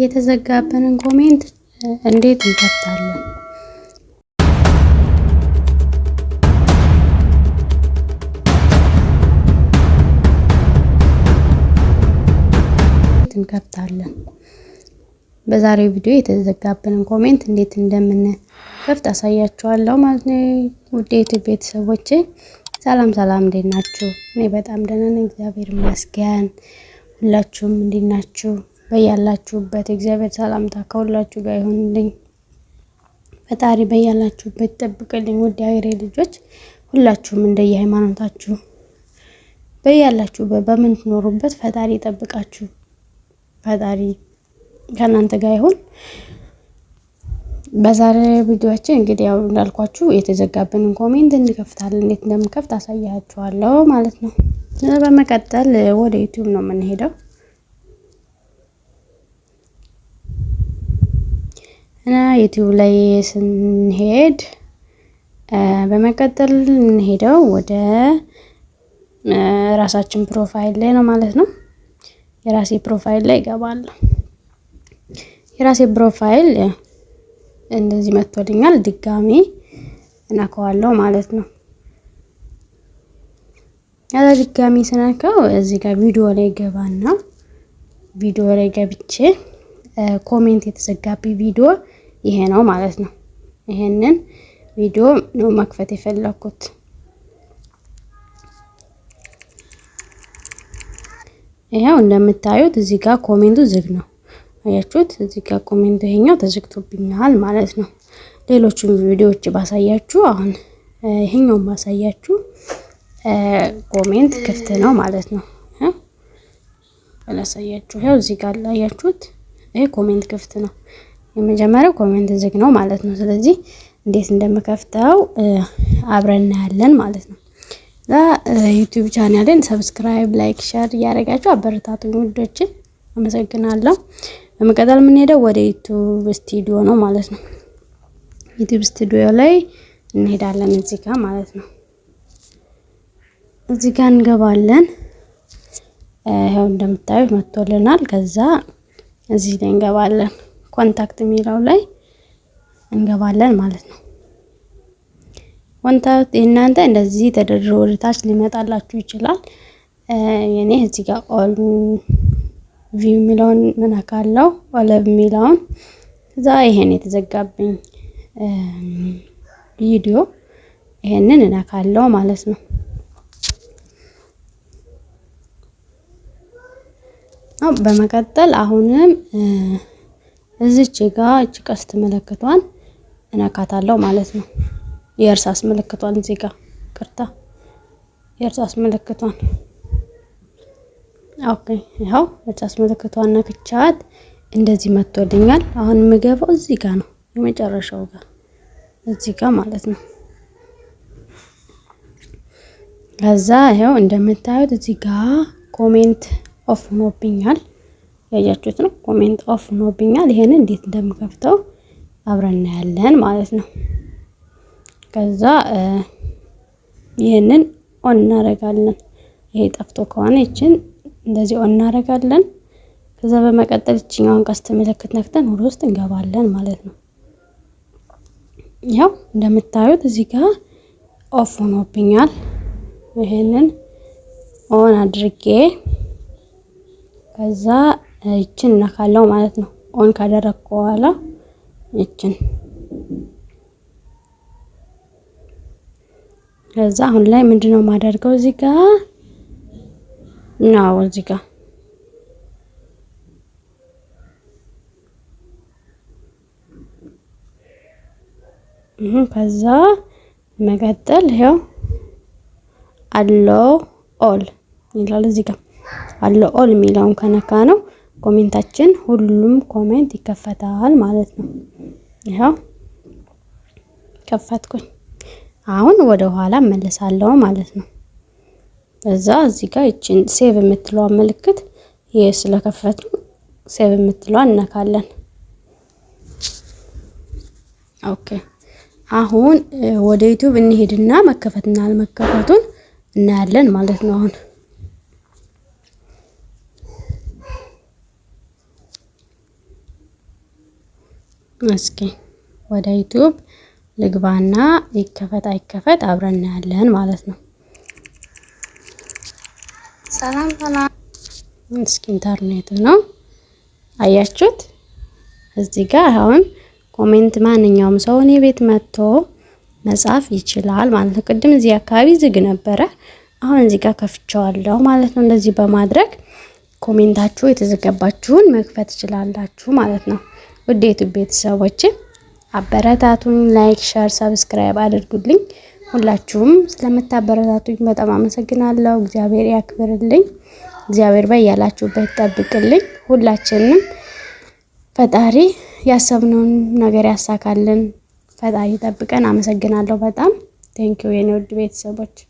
የተዘጋብንን ኮሜንት እንዴት እንከፍታለን? እንከፍታለን በዛሬው ቪዲዮ የተዘጋብንን ኮሜንት እንዴት እንደምንከፍት አሳያችኋለሁ ማለት ነው። ውዴት ዩቲዩብ ሰላም ሰላም፣ እንዴት ናችሁ? እኔ በጣም ደህና ነኝ፣ እግዚአብሔር ይመስገን። ሁላችሁም እንዴት ናችሁ? በያላችሁበት እግዚአብሔር ሰላምታ ከሁላችሁ ጋር ይሁንልኝ። ፈጣሪ በያላችሁበት ይጠብቅልኝ። ውድ ሀገሬ ልጆች ሁላችሁም እንደየ ሃይማኖታችሁ በያላችሁበት በምትኖሩበት ፈጣሪ ይጠብቃችሁ። ፈጣሪ ከእናንተ ጋር ይሁን። በዛሬ ቪዲዮችን እንግዲህ ያው እንዳልኳችሁ የተዘጋብንን ኮሜንት እንከፍታለን። እንዴት እንደምከፍት አሳያችኋለሁ ማለት ነው። በመቀጠል ወደ ዩቲዩብ ነው የምንሄደው። እና ዩቲዩብ ላይ ስንሄድ በመቀጠል እንሄደው ወደ ራሳችን ፕሮፋይል ላይ ነው ማለት ነው። የራሴ ፕሮፋይል ላይ ይገባል። የራሴ ፕሮፋይል እንደዚህ መጥቶልኛል። ድጋሚ እነካዋለሁ ማለት ነው። ያለ ድጋሚ ስነካው እዚህ ጋር ቪዲዮ ላይ ይገባና ቪዲዮ ላይ ገብቼ ኮሜንት የተዘጋቢ ቪዲዮ ይሄ ነው ማለት ነው። ይሄንን ቪዲዮ ነው መክፈት የፈለኩት። ይሄው እንደምታዩት እዚህ ጋር ኮሜንቱ ዝግ ነው። አያችሁት? እዚህ ጋር ኮሜንቱ ይሄኛው ተዘግቶብኛል ማለት ነው። ሌሎችን ቪዲዮዎች ባሳያችሁ አሁን ይሄኛውን ባሳያችሁ ኮሜንት ክፍት ነው ማለት ነው። ያላሳያችሁ ይኸው እዚህ ጋር ላያችሁት ኮሜንት ክፍት ነው። የመጀመሪያው ኮሜንት ዝግ ነው ማለት ነው። ስለዚህ እንዴት እንደምከፍተው አብረን እናያለን ማለት ነው። ዛ ዩቲዩብ ቻናልን ሰብስክራይብ፣ ላይክ፣ ሼር እያደረጋችሁ አበረታቱኝ ውዶችን አመሰግናለሁ። በመቀጠል የምንሄደው ወደ ዩቲዩብ ስቱዲዮ ነው ማለት ነው። ዩቲዩብ ስቱዲዮ ላይ እንሄዳለን እዚህ ጋር ማለት ነው። እዚህ ጋር እንገባለን። ይኸው እንደምታዩት መጥቶልናል። ከዛ እዚህ ላይ እንገባለን። ኮንታክት የሚለው ላይ እንገባለን ማለት ነው። ኮንታክት የእናንተ እንደዚህ ተደርድሮ ወደ ታች ሊመጣላችሁ ይችላል። የኔ እዚህ ጋር ኦል ቪው የሚለውን ምናካለው ኦለብ የሚለውን እዛ ይሄን የተዘጋብኝ ቪዲዮ ይሄንን እናካለው ማለት ነው። በመቀጠል አሁንም እዚች ጋ እች ቀስት ምልክቷን እነካታለሁ ማለት ነው። የእርሳስ ምልክቷን እዚህ ጋ ቅርታ የእርሳስ ምልክቷን ኦኬ፣ ይኸው እርሳስ ምልክቷን ነክቻት እንደዚህ መጥቶልኛል። አሁን የምገባው እዚህ ጋ ነው፣ የመጨረሻው ጋ እዚህ ጋ ማለት ነው። ከዛ ይኸው እንደምታዩት እዚህ ጋ ኮሜንት ኦፍ ሆኖብኛል። ያያችሁት ነው። ኮሜንት ኦፍ ሆኖብኛል። ይሄንን እንዴት እንደምከፍተው አብረን እናያለን ማለት ነው። ከዛ ይህንን ኦን እናደርጋለን። ይሄ ጠፍቶ ከሆነ ይችን እንደዚህ ኦን እናደርጋለን። ከዛ በመቀጠል ይችኛውን ቀስት ምልክት ነክተን ወደ ውስጥ እንገባለን ማለት ነው። ያው እንደምታዩት እዚህ ጋር ኦፍ ሆኖብኛል። ይሄንን ኦን አድርጌ ከዛ እችን እነካለው ማለት ነው። ኦን ካደረግኩ በኋላ እችን ከዛ አሁን ላይ ምንድነው የማደርገው እዚህ ጋር ነው እዚህ ጋር ከዛ መቀጠል ይኸው አሎ ኦል ይላል እዚህ ጋር አለ ኦል የሚለውን ከነካ ነው ኮሜንታችን ሁሉም ኮሜንት ይከፈታል ማለት ነው። ይኸው ከፈትኩኝ። አሁን ወደ ኋላ መለሳለሁ ማለት ነው። እዛ እዚህ ጋር ይችን ሴቭ የምትለዋን ምልክት ይሄ ስለከፈቱ ሴቭ የምትለዋን እነካለን። ኦኬ አሁን ወደ ዩቲዩብ እንሄድና መከፈትና አለመከፈቱን እናያለን ማለት ነው አሁን እስኪ ወደ ዩቲዩብ ልግባና ይከፈት አይከፈት አብረን እናያለን ማለት ነው። ሰላም ሰላም። እስኪ ኢንተርኔት ነው አያችሁት። እዚህ ጋር አሁን ኮሜንት ማንኛውም ሰው እኔ ቤት መጥቶ መጻፍ ይችላል ማለት ነው። ቅድም እዚህ አካባቢ ዝግ ነበረ፣ አሁን እዚህ ጋር ከፍቼዋለሁ ማለት ነው። እንደዚህ በማድረግ ኮሜንታችሁ የተዘገባችሁን መክፈት ትችላላችሁ ማለት ነው። ውዴቱ ቤተሰቦች አበረታቱኝ። ላይክ፣ ሸር፣ ሰብስክራይብ አድርጉልኝ። ሁላችሁም ስለምታበረታቱኝ በጣም አመሰግናለሁ። እግዚአብሔር ያክብርልኝ። እግዚአብሔር በያላችሁበት ይጠብቅልኝ። ሁላችንም ፈጣሪ ያሰብነውን ነገር ያሳካልን። ፈጣሪ ጠብቀን። አመሰግናለሁ በጣም ቴንኪው የኔ ውድ ቤተሰቦች።